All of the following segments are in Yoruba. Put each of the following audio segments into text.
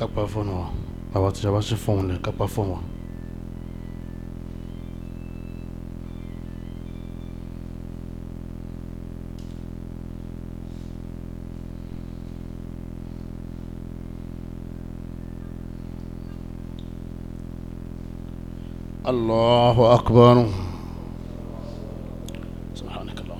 capa fono a watu ja wasu fon le capa fono الله أكبر سبحانك اللهم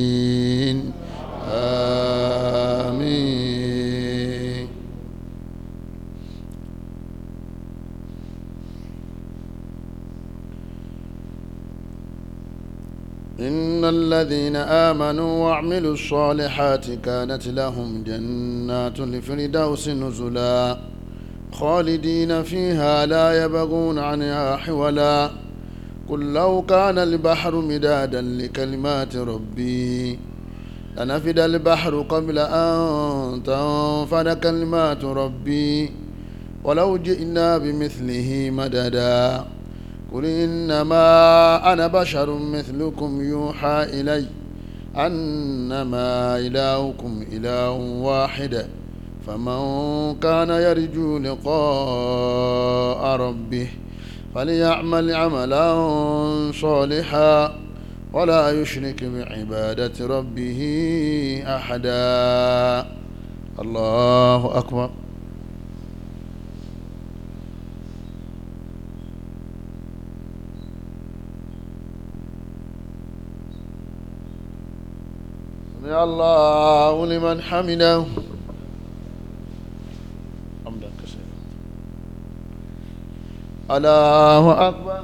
إن الذين آمنوا وعملوا الصالحات كانت لهم جنات لفردوس نزلا خالدين فيها لا يبغون عنها حولا قل لو كان البحر مدادا لكلمات ربي لنفد البحر قبل أن تنفد كلمات ربي ولو جئنا بمثله مددا قل إنما أنا بشر مثلكم يوحى إلي أنما إلهكم إله واحد فمن كان يرجو لقاء ربه فليعمل عملا صالحا ولا يشرك بعبادة ربه أحدا الله أكبر الله لمن حمده الله أكبر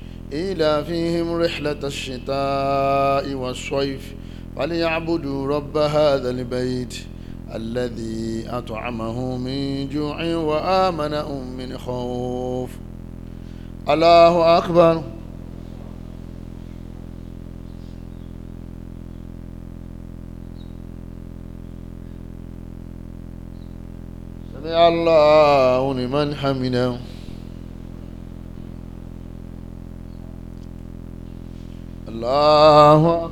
فيهم رحلة الشتاء والصيف فليعبدوا رب هذا البيت الذي أطعمه من جوع وآمنهم من خوف الله أكبر سمع الله لمن حمده الله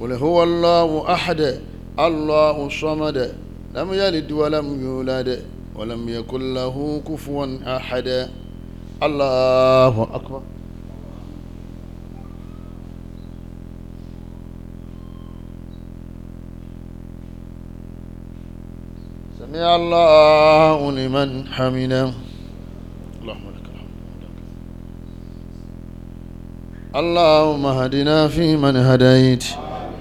قل هو الله أحد الله الصمد لم يلد ولم يولد ولم يكن له كفوا أحد الله أكبر سمع الله لمن حمنا اللهم لك الحمد اللهم اهدنا فيمن هديت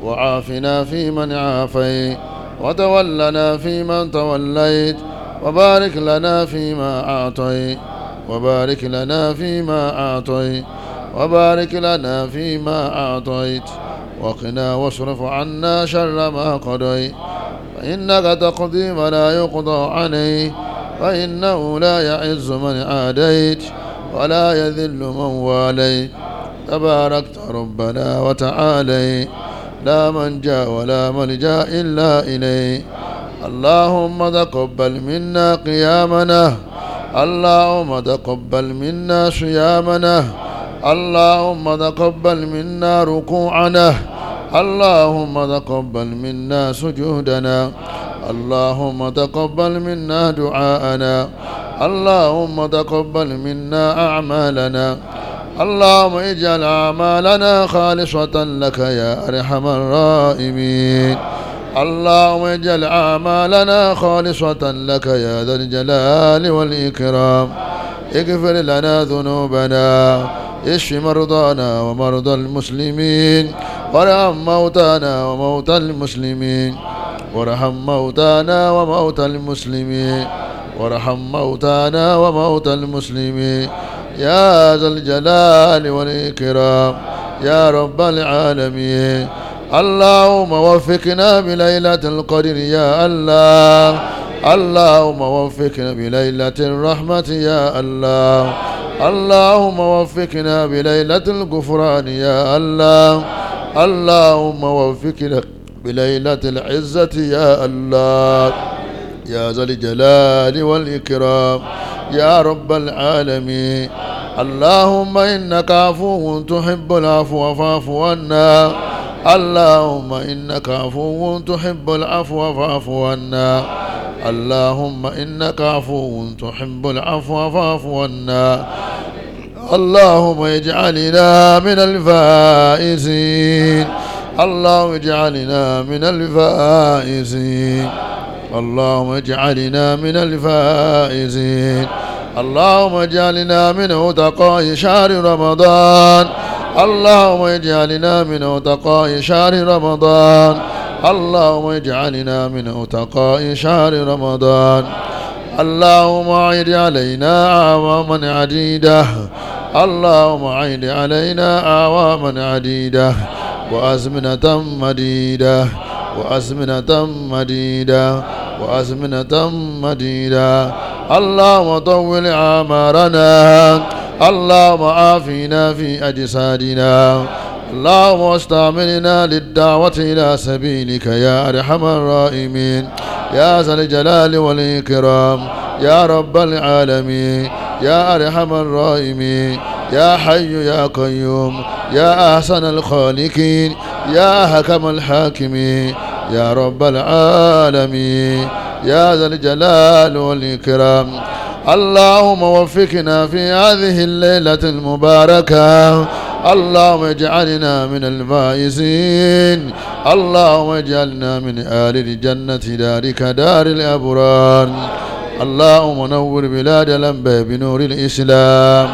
وعافنا فيمن عافيت وتولنا فيمن توليت وبارك لنا فيما أعطيت وبارك لنا فيما أعطيت وبارك لنا فيما أعطيت وقنا واصرف عنا شر ما قضيت فإنك تقضي ولا يقضى عليه فإنه لا يعز من عاديت ولا يذل من واليت تباركت ربنا وتعاليت لا منجا ولا ملجا إلا إليه اللهم تقبل منا قيامنا اللهم تقبل منا صيامنا اللهم تقبل منا ركوعنا اللهم تقبل منا سجودنا اللهم تقبل منا دعاءنا اللهم تقبل منا أعمالنا اللهم اجعل أعمالنا خالصة لك يا أرحم الراحمين اللهم اجعل أعمالنا خالصة لك يا ذا الجلال والإكرام اغفر لنا ذنوبنا اشف مرضانا ومرضى المسلمين وارحم موتانا وموتى المسلمين وارحم موتانا وموتى المسلمين وارحم موتانا وموتى المسلمين يا ذا الجلال والإكرام يا رب العالمين اللهم وفقنا بليلة القدر يا الله اللهم وفقنا بليلة الرحمة يا الله اللهم وفقنا بليلة الغفران يا الله اللهم وفقنا بليلة العزة يا الله يا ذا الجلال والإكرام يا رب العالمين اللهم إنك عفو تحب العفو فاعف عنا اللهم إنك عفو تحب العفو فاعف عنا اللهم إنك عفو تحب العفو فاعف عنا اللهم اجعلنا من الفائزين اللهم اجعلنا من الفائزين اللهم اجعلنا من الفائزين اللهم اجعلنا منه تقاء شهر رمضان اللهم اجعلنا منه تقاء شهر رمضان اللهم اجعلنا منه تقاء شهر رمضان اللهم اعد علينا اعواما عديدة اللهم اعد علينا اعواما عديدة وأزمنة مديدة وأزمنة مديدة وأزمنة مديدة اللهم طول عمرنا اللهم عافنا في أجسادنا اللهم استعملنا للدعوة إلى سبيلك يا أرحم الراحمين يا ذا الجلال والإكرام يا رب العالمين يا أرحم الراحمين يا حي يا قيوم يا أحسن الخالقين يا أحكم الحاكمين يا رب العالمين يا ذا الجلال والإكرام اللهم وفقنا في هذه الليلة المباركة اللهم اجعلنا من الفائزين اللهم اجعلنا من آل الجنة دارك دار الأبرار اللهم نور بلاد الأنبياء بنور الإسلام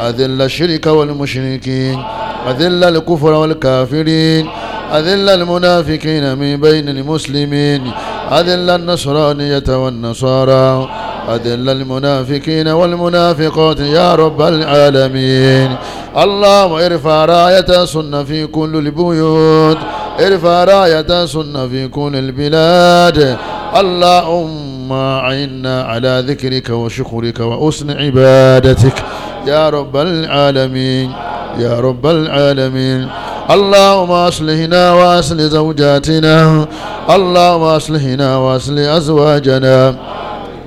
أذل الشرك والمشركين أذل الكفر والكافرين أذل المنافقين من بين المسلمين أذل النصرانية والنصارى أذل المنافقين والمنافقات يا رب العالمين اللهم ارفع راية سنة في كل البيوت ارفع راية سنة في كل البلاد اللهم عنا على ذكرك وشكرك وأسن عبادتك يا رب العالمين يا رب العالمين اللهم أصلحنا وأصلح زوجاتنا اللهم أصلحنا وأصلح أزواجنا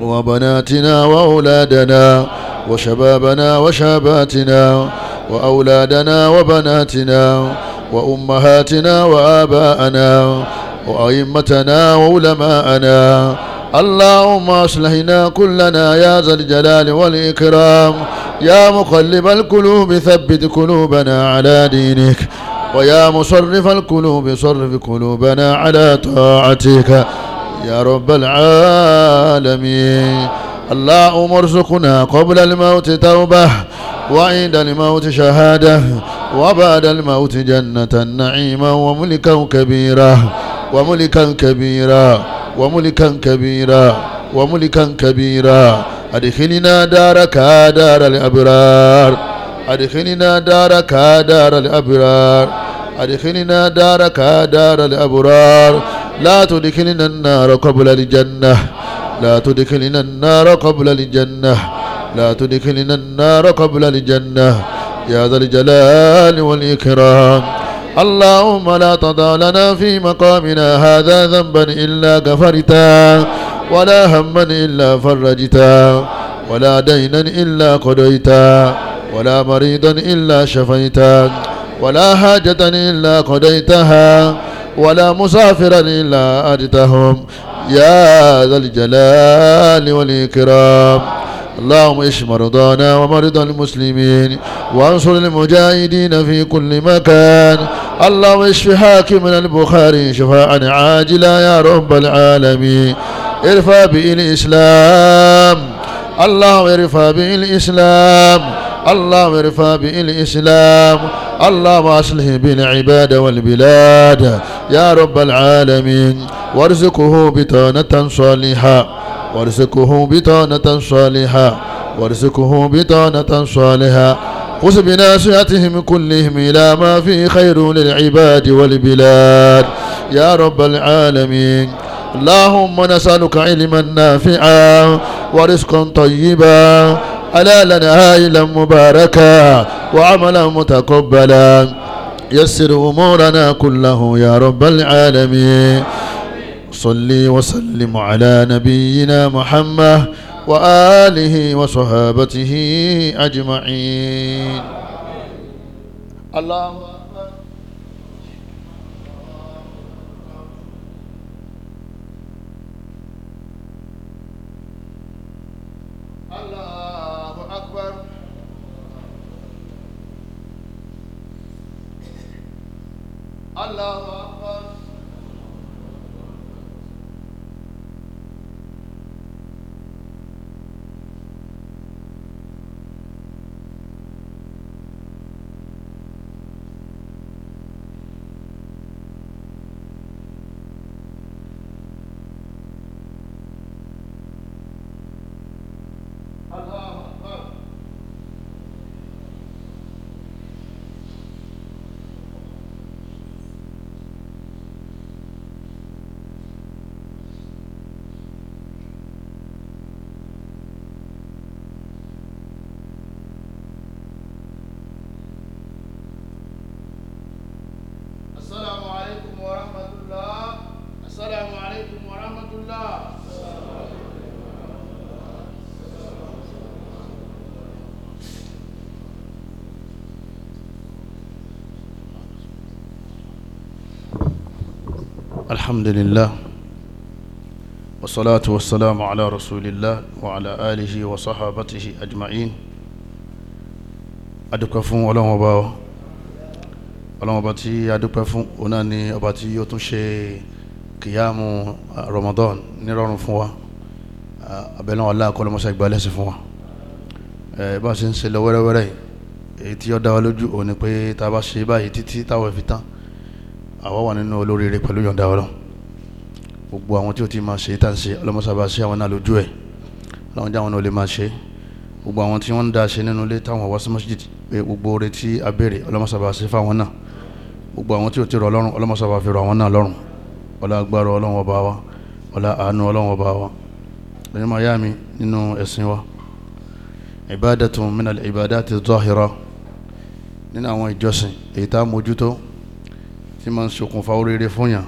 وبناتنا وأولادنا وشبابنا وشاباتنا وأولادنا وبناتنا وأمهاتنا وآباءنا وأئمتنا وعلماءنا اللهم أصلحنا كلنا يا ذا الجلال والإكرام يا مقلب القلوب ثبت قلوبنا على دينك ويا مصرف القلوب صرف قلوبنا على طاعتك يا رب العالمين اللهم ارزقنا قبل الموت توبة وعند الموت شهادة وبعد الموت جنة نعيما وملكا كبيرا وملكا كبيرا وملكا كبيرا وملكا كبيرا أدخلنا دارك دار الأبرار أدخلنا دارك دار الأبرار أدخلنا دارك دار الأبرار لا تدخلنا النار قبل الجنة لا تدخلنا النار قبل الجنة لا تدخلنا النار قبل الجنة يا ذا الجلال والإكرام اللهم لا تضع لنا في مقامنا هذا ذنبا إلا غفرتا ولا هما إلا فرجته ولا دينا إلا قضيته ولا مريضا إلا شفيته ولا حاجة إلا قضيتها ولا مسافرا إلا أجتهم يا ذا الجلال والإكرام اللهم اشف مرضانا ومرضى المسلمين وانصر المجاهدين في كل مكان اللهم اشف حاكمنا البخاري شفاء عاجلا يا رب العالمين ارفع به الإسلام اللهم ارفع به الإسلام اللهم ارفع به الإسلام اللهم أصلح بالعباد العباد والبلاد يا رب العالمين وارزقه بطانة صالحة وارزقه بطانة صالحة وارزقه بطانة صالحة خذ بناصيتهم كلهم إلى ما فيه خير للعباد والبلاد يا رب العالمين اللهم نسألك علما نافعا ورزقا طيبا ألا لنا هائلا مباركا وعملا متقبلا يسر أمورنا كله يا رب العالمين صلي وسلم على نبينا محمد وآله وصحابته أجمعين اللهم love. الحمد لله والصلاة والسلام على رسول الله وعلى آله وصحابته أجمعين adúpẹ́ fún ọlọ́run ọba ọ ọlọ́run ọba tí adúpẹ́ fún òun náà ni ọba tí ó tún ṣe kìyàmù Ramadan nírọ̀rùn fún wa abẹ́lẹ́ wọn aláàkọ́ lọ́mọ́sá ìgbà lẹ́sìn fún wa bá a ṣe ń ṣe lọ wẹ́rẹ́wẹ́rẹ́ èyí tí ó dá wa lójú òun ni pé tá a bá ṣe báyìí títí táwọn fi tán àwa wà nínú olóríire pẹ̀lú yọ̀ǹda ọ̀rọ̀ gbogbo àwọn tí ó ti máa ṣe tá à ń ṣe ọlọ́mọsábà ṣe àwọn náà lójú ẹ̀ láwọn jáwọn náà lè máa ṣe gbogbo àwọn tí wọ́n ń dá ṣe nínú ilé táwọn wá sí masjid pé gbogbo oore tí a béèrè ọlọ́mọsábà ṣe fáwọn náà gbogbo àwọn tí ó ti rọ̀ lọ́rùn ọlọ́mọsábà fi rọ̀ àwọn náà lọ́rùn ọlá agbára ọlọ́run ọba wa ọlá àánú ọlọ́run tí máa ń ṣokùnfà oríire fún yàn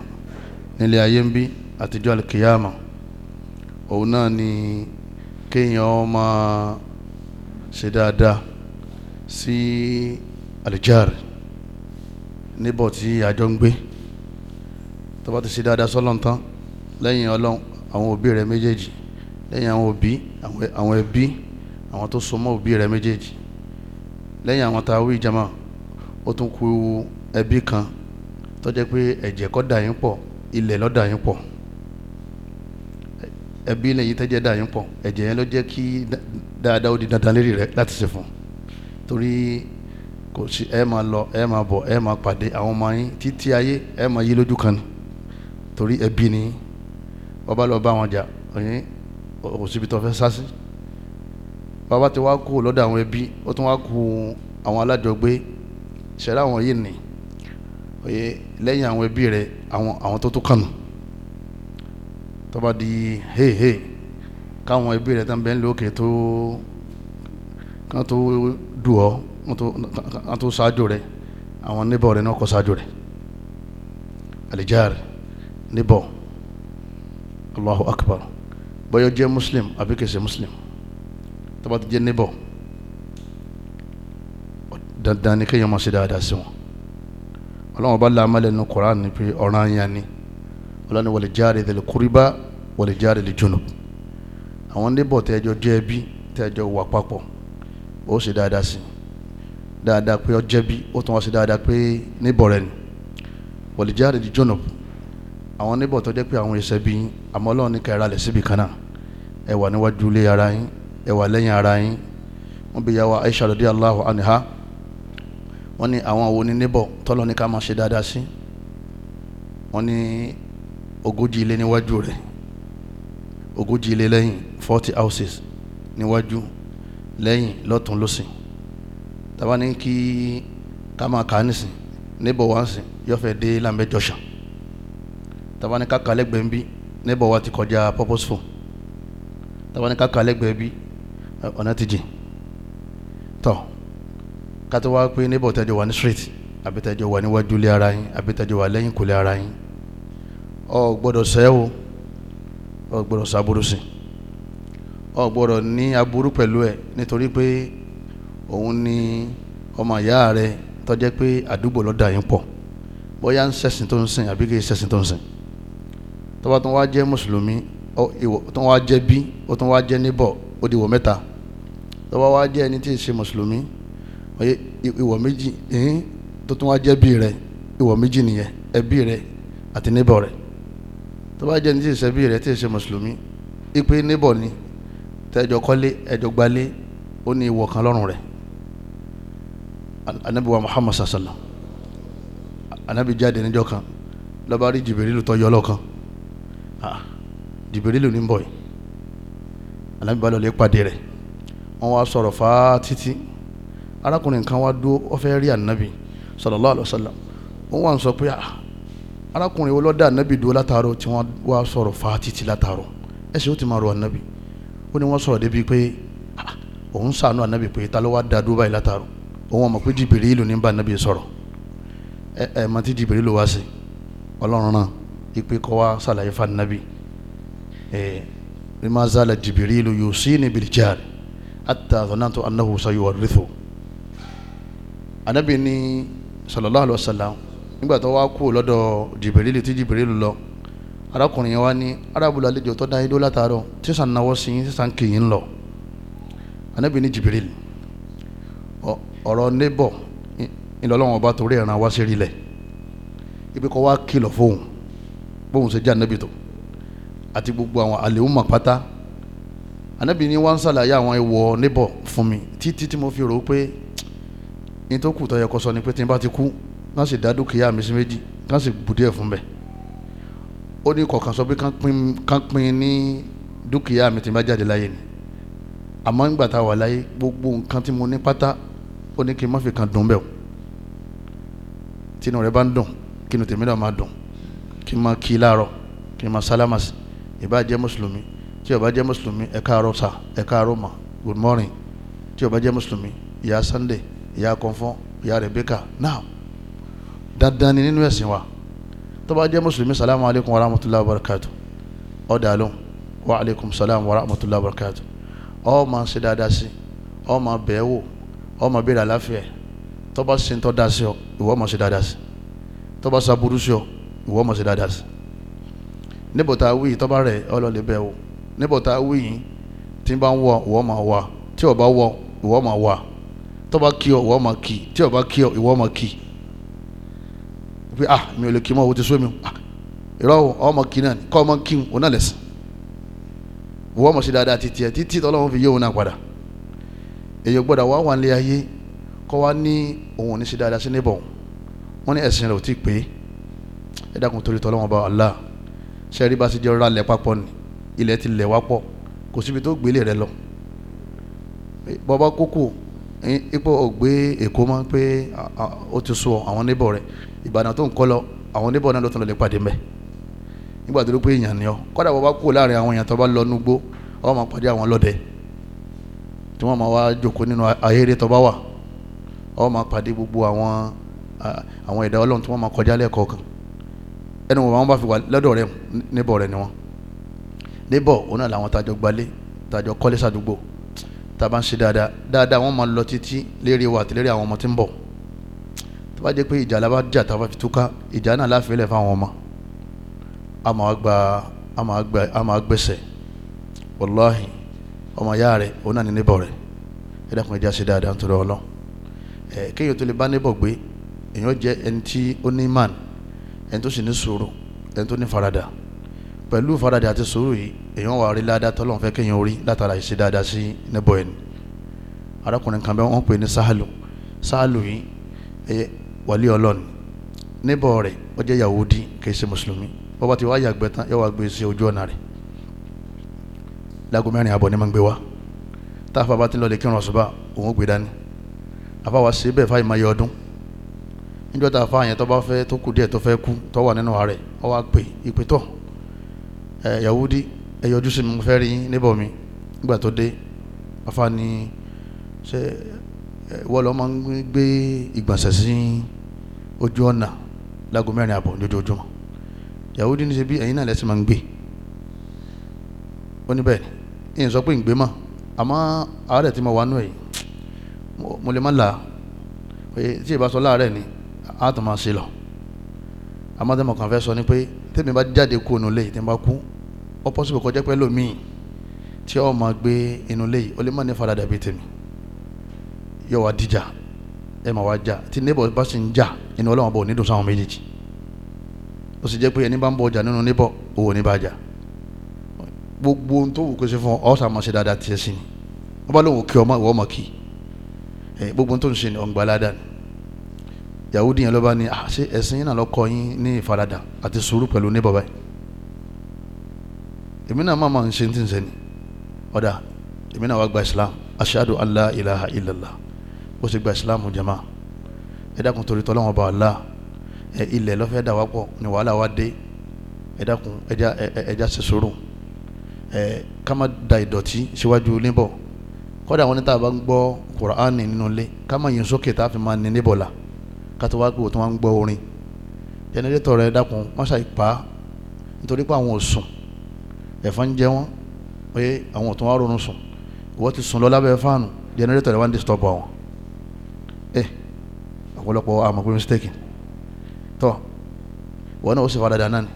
nílé ayé ń bí àtijọ́ alikiyama òun náà ni kéèyàn máa ṣe dáadáa sí alijari níbọ̀ tí àjọ ń gbé tó bá ti ṣe dáadáa sọ́lọ́n tán lẹ́yìn ọlọ́run àwọn òbí rẹ̀ méjèèjì lẹ́yìn àwọn òbí àwọn ẹbí àwọn tó so mọ́ òbí rẹ̀ méjèèjì lẹ́yìn àwọn tá a wí ìjàmà ó tún kù ẹbí kan tó jẹ́ pé ẹ̀jẹ̀ kọ́ dà yín pọ̀ ilẹ̀ ló dà yín pọ̀ ẹbí lẹ́yìn tẹ́jẹ́ dà yín pọ̀ ẹ̀jẹ̀ yẹn ló jẹ́ kí dáadáa ó di dandan lérí rẹ láti ṣe fún torí kò sí ẹ máa lọ ẹ máa bọ̀ ẹ máa pàdé àwọn ọmọ yín títí ayé ẹ máa yí lójú kan torí ẹbí ni bàbá lọ bá wọn jà ọyìn òsibí tó fẹ́ sásí bàbá ti wá kú lọ́dọ̀ àwọn ẹbí ó tún wá kú àwọn alájọgbé ṣẹlẹ̀ àwọn yìí nìyí oye lẹ́yìn àwọn ẹbí rẹ àwọn àwọn tó tó kànú tó bá di hey hey káwọn ẹbí rẹ tán bẹ́ẹ̀ ń lókè tó kán tó dù ọ́ kán tó ṣáájú rẹ àwọn níbọ̀ rẹ náà kọ́ ṣáájú rẹ alijar níbọ̀ allahu akbar bọ́yọ̀ jẹ́ muslim àbí kìí muslim tó bá ti jẹ́ níbọ̀ dandan ni kéèyàn máa ṣe dáadáa sí wọn ọlọ́run bá la amálẹ̀ nínú koran ni pé ọ̀ràn yẹn ni ọlọ́run wọlé jáde lè kúrìbá wọlé jáde lè jóná àwọn níbọ̀ tẹ́jọ́ jẹ́ ẹbí tẹ́jọ́ wà papọ̀ ó ṣe dáadáa sí dáadáa pé ó jẹ̀bi ó tún wá ṣe dáadáa pé níbọ̀ rẹ ni wọlé jáde lè jóná àwọn níbọ̀ tó jẹ́ pé àwọn ẹsẹ̀ bí àmọ́ ọlọ́run ní kẹ́ra lẹ̀ síbi kan náà ẹ wà níwájú ilé ara yín ẹ wà lẹ́yìn ara yín wọ́n bí yà wá Aisha radiyallahu anha wọ́n ní àwọn wo ni níbọ̀ tọ́lọ́ ní ká máa ṣe dáadáa sí wọ́n ní ogójì ilé níwájú rẹ̀ ogójì ilé lẹ́yìn forty houses níwájú lẹ́yìn lọ́tún lọ́sìn tàbá ní kí ká máa kà á nìsín níbọ̀ wá sí yóò fẹ́ dé làmẹ́jọsà tàbá ní ká kà á lẹ́gbẹ̀ẹ́ bí níbọ̀ wá ti kọjá purposeful tàbá ní ká kà á lẹ́gbẹ̀ẹ́ bí ọ̀nà ti jìn tọ́ kátó wá pé níbọ̀ tẹ́jọ wà ní street àbí tẹ́jọ wà níwájú lé ara yín àbí tẹ́jọ wà lẹ́yìn kò lé ara yín ọ gbọ́dọ̀ ṣẹ́ o ọ gbọ́dọ̀ ṣàbúrú sí ọ gbọ́dọ̀ ní aburú pẹ̀lú ẹ̀ nítorí pé òun ni ọmọ ìyá rẹ tó jẹ́ pé àdúgbò lọ́dà yín pọ̀ bóyá ń ṣẹ̀sìn tó ń sìn àbí kì í ṣẹ̀sìn tó ń sìn tó bá wá jẹ́ mùsùlùmí tó wá jẹ́ bí ó tún wá jẹ́ níbọ̀ ó di wò mẹ́ta tó wá jẹ́ ẹni tí ì ọyẹ ìwọ méjì ẹ̀hìn tó tún wá jẹ́ bí rẹ ìwọ méjì nìyẹn ẹbí rẹ àti níbọ̀ rẹ tó bá ní tí ì rẹ tí ì mùsùlùmí ìpè níbọ̀ ni tẹ́jọ kọ́lé ẹjọ gbalé ó ní ìwọ kan lọ́rùn rẹ̀ anabi muhammad sassala anabi jáde níjọ́ kan lọ́ba rí jìbìrìlù tó yọ lọ́kan jìbìrìlù ní bọ̀ yìí anabi balọ̀ lè pàdé rẹ̀ wọ́n wá sọ̀rọ̀ fáá títí arákùnrin kan wá dúró ó fẹ́ rí ànábì sallallahu alaihi wasallam ó wà ń sọ pé ah, arákùnrin olódà ànábì dúró látàárọ̀ tí wọ́n wá sọ̀rọ̀ fa títí látàárọ̀ ẹ̀sìn ó ti máa rọ ànábì ó ní wọ́n sọ̀rọ̀ débi pé ah, òun sànú ànábì pé ta ló wá da dúró báyìí látàárọ̀ òun ọmọ pé jìbìrì ìlú ní bá ànábì sọ̀rọ̀ ẹ ẹ mọ tí jìbìrì ìlú wá sí ọlọ́run náà ipe kọ́ wá sàlàyé fa ànábì ẹ ẹ jìbìrì ìlú yóò anabi ni sallallahu alaihi wa sallam nígbà tó wá kú lọ́dọ̀ jìbìrìlì tí jìbìrìlì lọ arákùnrin yẹn wá ní arábùlà àlejò tó dá idó látàárọ̀ sísan náwó sí yín sísan kìyìn ń lọ anabi ni jìbìrìlì ọ̀rọ̀ nébọ̀ ńlọ́lọ́wọ́n ọba torí ẹ̀ràn wá sí rí ibi kọ́ wá kìlọ̀ fóun bóun ṣe jẹ́ anabi tó àti gbogbo àwọn àlèhùn màpátá anabi ni wọ́n ń ṣàlàyé àwọn ẹ̀wọ̀ nébọ̀ fún mi títí tí mo fi rò ó ní tó kù tó yẹ kó sọ ni pé tí n bá ti kú ká sì dá dúkìá mi sí méjì ká sì bùdí ẹ̀ fún bẹ́ẹ̀ ó ní kọ̀ọ̀kan sọ pé ká pín ní dúkìá mi tí n bá jáde láyé ni àmọ́ ńgbà tá a wà láyé gbogbo nǹkan tí mo ní pátá ó ní kí n má fi kan dùn bẹ́ẹ̀ o tínú rẹ bá ń dùn kí inú tèmi náà máa dùn kí n máa kí láàárọ̀ kí n máa sálámà ìbá jẹ́ mùsùlùmí tí ó jẹ́ mùsùlùmí ẹ káàárọ̀ sà ẹ káàárọ̀ mà good morning tí ó bá jẹ́ mùsùlùmí ìyá sunday ìyá kọ̀ǹfọ́n ìyá Rebeka now dandan ni nínú ẹ̀sìn wa tó bá jẹ́ mùsùlùmí salamu alaykum wa rahmatulah wa barakatu ọ̀ dàlú wa alaykum salam wa rahmatulah wa barakatu ọ̀ máa ṣe dáadáa sí ọ̀ máa bẹ̀ẹ́ wò ọ̀ máa béèrè àláfíà tó bá ṣe ń tọ́ da sí ọ ìwọ máa ṣe dáadáa sí tó bá ṣàbùrú sí ọ ìwọ máa ṣe dáadáa sí níbo tá a wí tó bá rẹ̀ ọ lọ lè bẹ̀ wò níbo tá a wí yìí tí n bá ń wọ ìwọ máa wà tí ò bá wọ ìwọ máa wà tó bá kí ọ ìwọ máa kí tí ó bá kí ọ ìwọ máa kí pé ah mi ò lè kí mọ́ o ti sómi ah ìrọ̀ ọmọ kí náà kọ́ ọmọ kí òun náà lẹ̀sìn ìwọ máa ṣe dáadáa títí ẹ títí tọ́lọ́wọ́n fi yé òun náà padà èyí gbọ́dọ̀ wá wà ní ayé kọ́ wá ní òun ò ní ṣe dáadáa sí níbọ̀ wọ́n ní ẹ̀sìn rẹ̀ ò tí ì pé ẹ dákun torí tọ́lọ́wọ́n bá Allah ṣe rí bá ti jẹ́ ọ̀rá lẹ̀ papọ̀ ni ilẹ̀ ti lẹ̀ wá pọ̀ kò síbi tó gbélé rẹ lọ bọ́ bá kókó ipò ògbé èkó mọ́ pé ó ti sọ àwọn níbọ̀ rẹ̀ ìbàdàn tó ń kọ́ lọ àwọn níbọ̀ náà ló tún lọ lè pàdé nígbà tó ló pé èèyàn ni ọ kọ́dà bọ́ bá kú láàrin àwọn èèyàn tó bá lọ núgbó wọ́n máa pàdé àwọn lọ́dẹ tí wọ́n máa wá jókòó nínú ayére gbogbo àwọn àwọn ẹ̀dá ọlọ́run tí wọ́n máa kọjá ẹnu wọn fi wà rẹ rẹ ni wọn òun náà làwọn gbalé tá a bá ń ṣe dáadáa dáadáa wọn máa lọ títí lérí wa àti lérí àwọn ọmọ tí ń bọ̀ tó bá jẹ́ pé ìjà la bá jà tá a bá fi túká ìjà náà láfẹ́lẹ̀ fáwọn ọmọ a máa gba a máa gba a máa gbẹ̀sẹ̀ wàláhì ọmọ ìyá rẹ̀ òun náà ní níbọ̀ rẹ̀ ẹ dákun ìjà ṣe dáadáa nítorí ọlọ́ ẹ kéèyàn tó lè bá níbọ̀ gbé èèyàn jẹ́ ẹni tí ó ní man ẹni tó sì ní sùúrù ẹni tó ní faradà pẹ̀lú faradà àti sùúrù yìí èèyàn wà rí ládàá tọ́lọ́n fẹ́ kéèyàn orí látara ìṣe dáadáa sí níbo ẹni arákùnrin kan bẹ́ẹ̀ wọ́n pè ní sáàlù sáàlù yìí ẹ̀yẹ wàlí ọlọ́ni níbo rẹ̀ ó jẹ́ yahudi kìí ṣe mùsùlùmí wọ́n bá ti wá yàgbẹ́ tán yóò wá gbé sí ojú ọ̀nà rẹ̀ láago mẹ́rin àbọ̀ ni máa ń gbé wá táàfà bá ti lọ lè kírun ọ̀ṣùbà òun ó gbé dání àfa wa ṣe bẹ́ẹ̀ fáyìí máa ọdún níjọ́ tá a fa àyàn tó bá fẹ́ tó kù díẹ̀ tó fẹ́ kú tó wà nínú ààrẹ ọ wá pè ìpè tọ̀ ẹ̀ yahudi ẹ yọjú sí mi mo fẹ́ rí níbọ̀ mi nígbà tó dé afa ni ṣe wọ́n lọ máa ń gbé ìgbọ̀nsẹ̀ sí ojú ọ̀nà láago mẹ́rin àbọ̀ lójoojúmọ́ Yahudi ní ṣe bí ẹ̀yin náà lẹ́sìn máa ń gbé ó ní bẹ́ẹ̀ ni ìyẹn sọ pé ìgbé mọ̀ àmọ́ àárẹ̀ tí mo wà nù ẹ̀ mo lè má là tí ì bá sọ láàárẹ̀ ni a tún máa ṣe lọ àmọ́ tẹ́mọ̀ kan fẹ́ sọ ni pé tẹ́mi bá jáde kúrò nílé tẹ́mi bá kú ó pọ́sibò kọjá pẹ́ lómi tí ó máa gbé inú ilé yìí ó lè má ní faradà bíi tèmi yóò wá dìjà ẹ máa wá jà tí neighbor bá sì ń jà inú ọlọ́run bò ní dùn sáwọn méjèèjì ó sì jẹ́ pé ẹni bá ń bọ̀ ọjà nínú neighbor owó ní bá jà gbogbo ohun tó wù kó ṣe fún ọ ọ̀sà máa dáadáa tiẹ̀ sí ni wọ́n bá lóun kí ọmọ ìwọ ọmọ kì í gbogbo ohun tó ń ṣe ni ọ̀ǹgbà ládàá ni yahudi yẹn ló bá ní ẹ̀sìn yìí náà lọ́kọ yín ní ìfaradà àti sùúrù pẹ̀lú neighbor báyìí èmi náà mama máa ń ṣe ti ń sẹ́ni ọ̀dà gba islam ashadu an ilaha illallah ó sì gba islam jama ẹ dákun torí tọ́lọ́wọ́n bá Allah ẹ ilẹ̀ lọ́fẹ́ dà wá pọ̀ ni wàhálà wá dé ẹ dákun ẹja ẹja ṣe sùúrù ẹ ká má da ìdọ̀tí síwájú níbọ̀ kọ́dà wọn ní tá a bá ń gbọ́ kùránì nínú ilé ká má yin sókè tá a fi máa ní níbọ̀ la ká tó wá pé òtún wá orin jẹnẹrétọ̀ rẹ dákun má ṣàì pa nítorí pé àwọn ò ẹ̀fọn jẹ wọn pé àwọn ọ̀tún wa ronú sùn ìwọ ti sùn lọ lábẹ́ fáànù jẹnẹrétọ̀ rẹ̀ wá ń disturb àwọn ẹ eh, ọ̀pọ̀lọpọ̀ àmọ̀ pé mistake tọ́ wọn náà ó sì fa dáadáa náà ni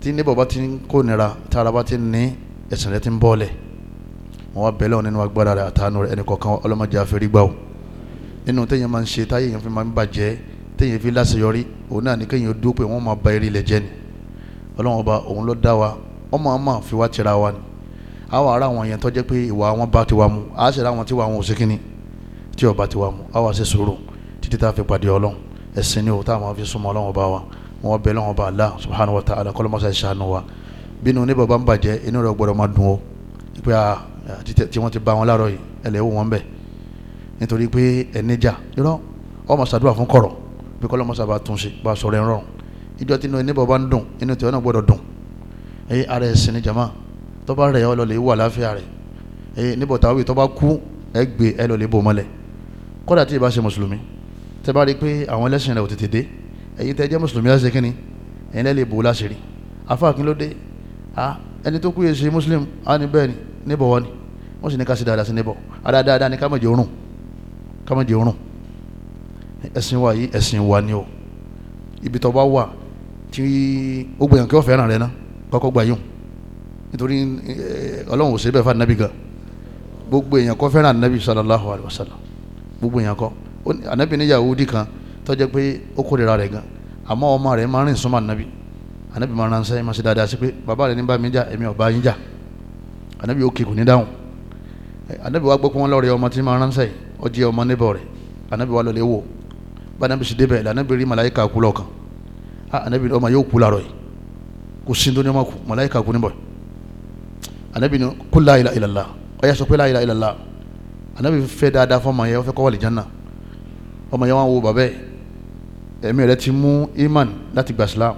tí níbọ̀ bá ti ń kó nira tára bá ti ń ní ẹ̀sìn rẹ ti ń bọ́ọ̀lẹ̀ wọn wá bẹ̀lẹ̀ nínú agbára rẹ àtàánú rẹ ẹnìkọ̀ọ̀kan ọlọ́mọdé àfẹ́rí gbà ó nínú téèyàn máa ń ṣe táyé fi máa ń bàjẹ́ téèyàn fi láṣeyọrí òun náà ní kéèyàn dúpẹ́ wọn máa ba eré ilẹ̀ jẹ́ ni ọlọ́wọ́n ọba òun ló dá wa ọmọ ọmọ àfiwá tira wa ni àwọn ará àwọn yẹn tó jẹ́ pé ìwà wọn bá tiwa mu àá sì ra àwọn tiwa wọn ò sí kínní tí ọba tiwa mu àwọn àṣẹ sòrò títí tá a fi pàdé ọlọ́run ẹ̀sìn ni o tá a máa fi súnmọ́ ọlọ́run ọba wa wọn bẹ lọ́wọ́ ọba Allah subhanahu wa ta'ala kọ́lọ́mọ́sá ìṣàánú wa bínú ní bàbá ń bàjẹ́ inú rẹ̀ gbọ́dọ̀ máa dùn o pé tí wọ́n ti bá wọn láàárọ̀ yìí ẹlẹ́wọ̀n wọn bẹ̀ nítorí pé ẹ̀níjà irọ́ ọmọ sàdúrà fún ẹyẹ ara ẹ̀sìn ni jama tó bá rẹ̀ ọ lọ lè wà láfíà rẹ̀ ẹyẹ níbo tàwí tó bá kú ẹ gbé ẹ lọ lè bò mọ́lẹ̀ kódà tí ìbá ṣe mùsùlùmí tẹ bá rí i pé àwọn ẹlẹ́sìn rẹ̀ ò tètè dé afa kí ló dé ẹni tó kú yẹ ṣe muslim á ní ni níbo wani, ni wọ́n sì ní ká ṣe dáadáa sí níbo adáadáa ni ká má jẹ́ òórùn ká má jẹ́ wa yìí ẹ̀sìn wa ni o ibi tó bá wà tí ó gbìyànjú kí wọ́n fẹ́ràn kọ́kọ́ gba yóò nítorí eh, ọlọ́run ò ṣe bẹ́ẹ̀ fún anabi gan gbogbo èèyàn kọ́ fẹ́ràn anabi sallallahu alayhi wa sallam gbogbo èèyàn kọ́ anabi ní yahudi kan tó jẹ́ pé ó kórìíra rẹ̀ gan àmọ́ ọmọ rẹ̀ máa rìn súnmọ́ anabi anabi máa ránṣẹ́ máa ṣe dáadáa sí pé bàbá rẹ̀ ní bá mi jà èmi ò bá yín jà anabi ó kékun ní dáhùn anabi eh, wa gbọ́ pé wọ́n lọ́ọ̀rẹ́ ọmọ tí máa ránṣẹ́ ó jẹ́ ọmọ níbọ̀ rẹ̀ anabi wa lọ́ọ̀lẹ́ wò bá anabi sì débẹ̀ anabi rí màláyíkà kú lọ́ọ̀kan anabi ah, ọmọ yóò kú láàárọ̀ yìí kò sí tó ní ọmọ kù màláìka kù níbọ̀ anabi ni kó la ilaha illallah ọ̀yà sọ pé la ilaha illallah anabi fẹ́ dáadáa fún ọmọ yẹn ó fẹ́ kó wọ àlìjánà ọmọ yẹn wọn wo bàbá ẹ̀ ẹ̀mí rẹ ti mú iman láti gbà